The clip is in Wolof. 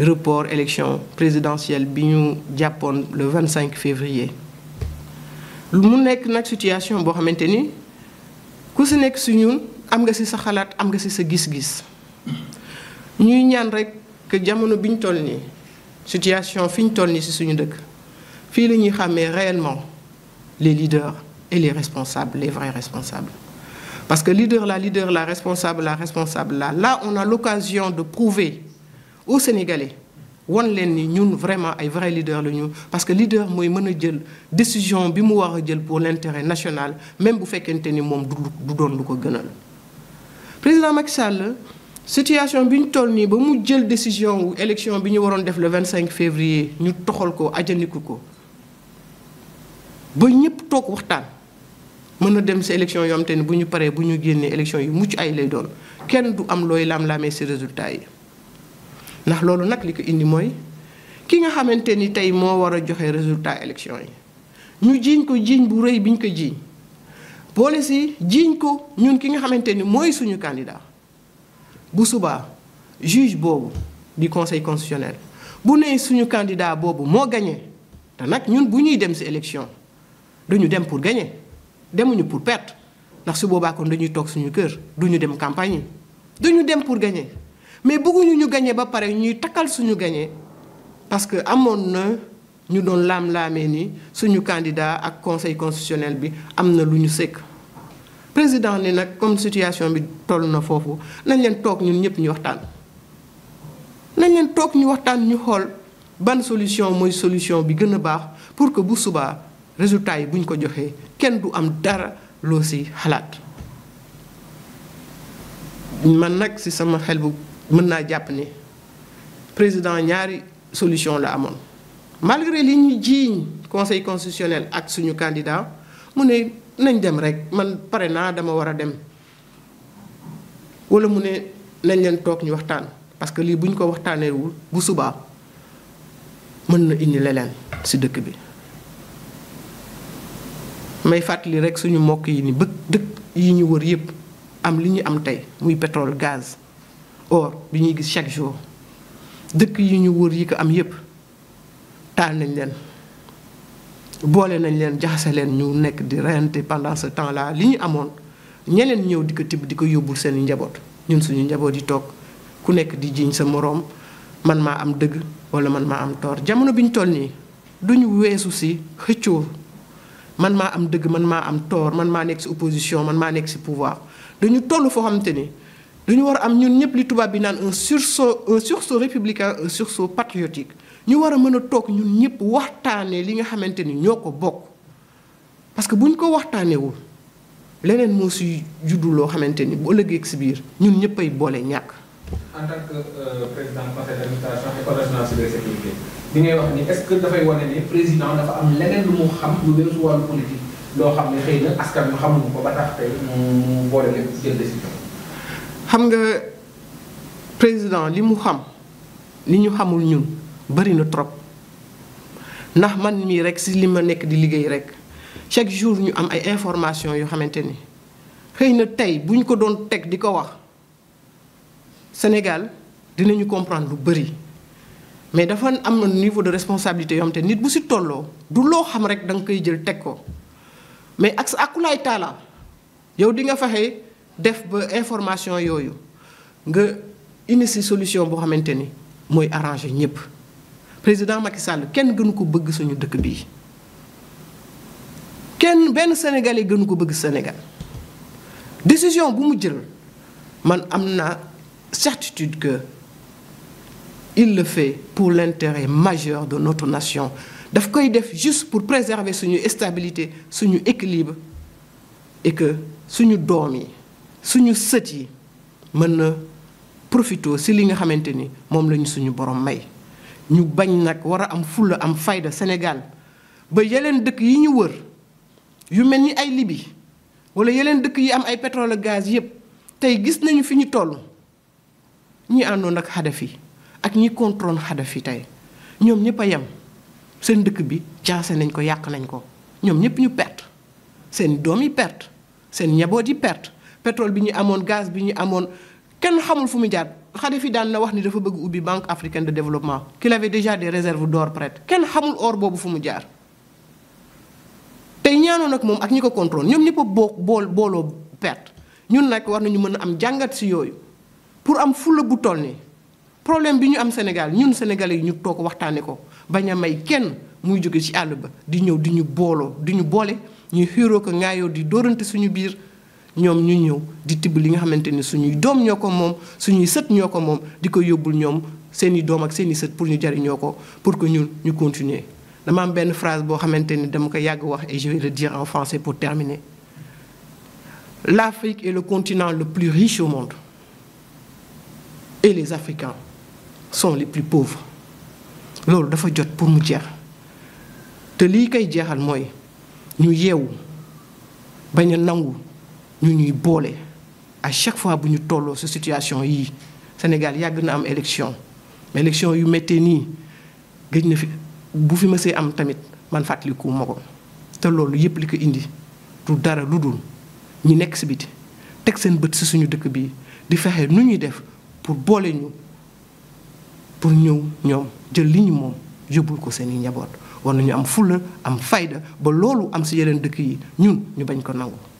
report élection présidentielle bi ñu jàppoon le 25 lu mu nekk nag situation boo xamante ni ku si nekk si ñun am nga si sa xalaat am nga si sa gis-gis ñuy ñaan rek jamono bi ñu toll nii situation fi ñu toll nii si suñu dëkk fii la ñuy xàmmee réellement les leaders et les responsables les vrais responsables. Parce que leader là, leader là, responsable là, responsable là, là on a l'occasion de prouver au Sénégalais won leen ni ñun vraiment ay vrai leader la ñu parce que leader mooy mën a jël décision bi mu war a jël pour l'intérêt national même bu fekkente ni moom du du doon lu ko gënal. président Macky Sall situation bi ñu toll nii ba mu jël décision wu élection bi ñu waroon def le 25 février ñu toxal ko ajandiku ko ba ñëpp toog waxtaan. mën na dem si élection yoo xam te ne bu ñu paree bu ñu génnee élection yu mucc ay lay doon kenn du am looy laam-laamee si résultat yi ndax loolu nag li ko indi mooy ki nga xamante ni tey moo war a joxe résultat élection yi ñu jiiñ ko jiiñ bu rëy bi ñu ko jiiñ boole si jiiñ ko ñun ki nga xamante ni mooy suñu candidat bu suba juge boobu di conseil constitutionnel bu nee suñu candidat boobu moo gagné te nag ñun bu ñuy dem si élection dañu dem pour gagner demuñu pour perte ndax su boobaa kon dañuy toog suñu kër duñu dem campagne yi duñu dem pour gagner mais bëgguñu ñu gagner ba pare ñuy takkal suñu gañee parce que amoon na ñu doon laam-laamee ni suñu candidat ak conseil constitutionnel bi am na lu ñu sëkk président ni nag comme situation bi toll na foofu nañ leen toog ñun ñëpp ñu waxtaan nañ leen toog ñu waxtaan ñu xool ban solution mooy solution bi gën a baax pour que bu subaa résultat yi bu ñu ko joxee kenn du am dara loo si xalaat man nag si sama xel bu mën naa jàpp ne président ñaari solution la amoon malgré li ñu jiiñ conseil constitutionnel ak suñu candidat mu ne nañ dem rek man pare naa dama war a dem wala mu ne nañ leen toog ñu waxtaan parce que lii bu ñu ko waxtaaneewul bu subaa mën na indi leneen si dëkk bi may fàttali rek suñu mbokk yi ni bëgg dëkk yi ñu wër yépp am li ñu am tey muy pétrole gaz or bi ñuy gis chaque jour dëkk yi ñu wër yi ko am yépp taal nañ leen boole nañ leen jaxase leen ñu nekk di reyante pendant ce temps là li ñu amoon ñeneen ñëw di ko tibb di ko yóbbul seen njaboot ñun suñu njaboot yi toog ku nekk di jiiñ sa moroom man maa am dëgg walla man maa am toor jamono bi ñu toll nii duñu weesu si xëccoo man maa am dëgg man maa am tort man maa nekk ci opposition man maa nekk ci pouvoir dañu toll foo xamante ni dañu war a am ñun ñëpp li tubaab bi naan un sursaut un sursaut républicain un patriotique ñu war a mën a toog ñun ñëpp waxtaane li nga xamante ni ñoo ko bokk parce que bu ñu ko waxtaanewul leneen moo si juddu loo xamante ni bu ëllëgee si biir ñun ñëpp ay boole ñàkk. bi ngay wax ni est-ce que dafay wane ne président dafa am leneen lu mu xam lu leen su wàllu loo xam ne xëy na askan wi xamuñu ko ba tax tey mu boole leen jël décision. xam nga président li mu xam li ñu xamul ñun bari na trop ndax man mii rek si li ma nekk di liggéey rek chaque jour ñu am ay information yoo xamante ni xëy na tey bu ñu ko doon teg di ko wax Sénégal dinañu comprendre lu bari. mais dafa am na niveau de responsabilité yoo xam te nit bu si tolloo du loo xam rek danga koy jël teg ko mais ak sa akulaay taala yow dinga faxe def ba information yooyu nga indi si solution boo xamante ni mooy arranger ñëpp président Macky Sall kenn gënu ko bëgg suñu dëkk bii kenn benn sénégalais gënu ko bëgg Sénégal décision bu mu jël man am na certitude que. il le fait pour l'intérêt majeur de notre nation daf koy def juste pour préserver suñu stabilité suñu équilibre et que suñu doom yi suñu sët yi mën na profitoo si li nga xamante ni moom lañu suñu borom may ñu bañ nag war a am fulla am fayda Sénégal ba yeneen dëkk yi ñu wër yu mel ni ay Libye wala yeneen dëkk yi am ay pétrole gaz yépp tey gis nañu fi ñu toll ñi àndoon ak Kadhafi ak ñi contrôle Kadhafi tey ñoom ñëpp a yem seen dëkk bi jaase nañ ko yàq nañ ko ñoom ñëpp ñu perte seen doom yi perte seen njaboot yi perte pétrole bi ñu amoon gaz bi ñu amoon kenn xamul fu mu jaar Kadhafi daan na wax ni dafa bëgg ubbi banque africaine de développement qu'il avait déjà des réserves d'or prêtes kenn xamul or boobu fu mu jaar tey ñaanoon ak moom ak ñi ko contrôle ñoom ñëpp a boo bool booloo perte ñun nag war nañu mën a am jàngat si yooyu pour am fulla bu nii problème bi ñu am Sénégal ñun sénégalais yi ñu toog waxtaanee ko bañ a may kenn muy jóge ci àll ba di ñëw di ñu booloo di ñu boole ñuy xiiroo ko ngaayoo di dóorante suñu biir ñoom ñu ñëw di tibb li nga xamante ni suñuy doom ñoo ko moom suñuy sët ñoo ko moom di ko yóbbul ñoom seeni doom ak seeni sët pour ñu jariñoo ko pour que ñun ñu continuer. dama am benn phrase boo xamante ni dama ko yàgg wax et je vais le dire en français pour terminer l'Afrique est le continent le plus riche au monde sont les plus pauvres loolu dafa jot pour mu jeex te lii kay jeexal mooy ñu yeewu bañ a nangu ñu ñuy boole à chaque fois bu ñu tolloo sa situation yii Sénégal yàgg na am élection mais élection yu méttee nii gëj na fi bu fi mësee am tamit man fàttaliku ma ko te loolu yëpp li ko indi du dara lu dul ñi nekk si biti teg seen bët si suñu dëkk bi di fexe nu ñuy def pour boole ñu. pour ñëw ñoom jël li ñu moom yóbbul ko seen i njaboot war nañu am fulla am fayda ba loolu am si yeneen dëkk yi ñun ñu bañ ko nangu.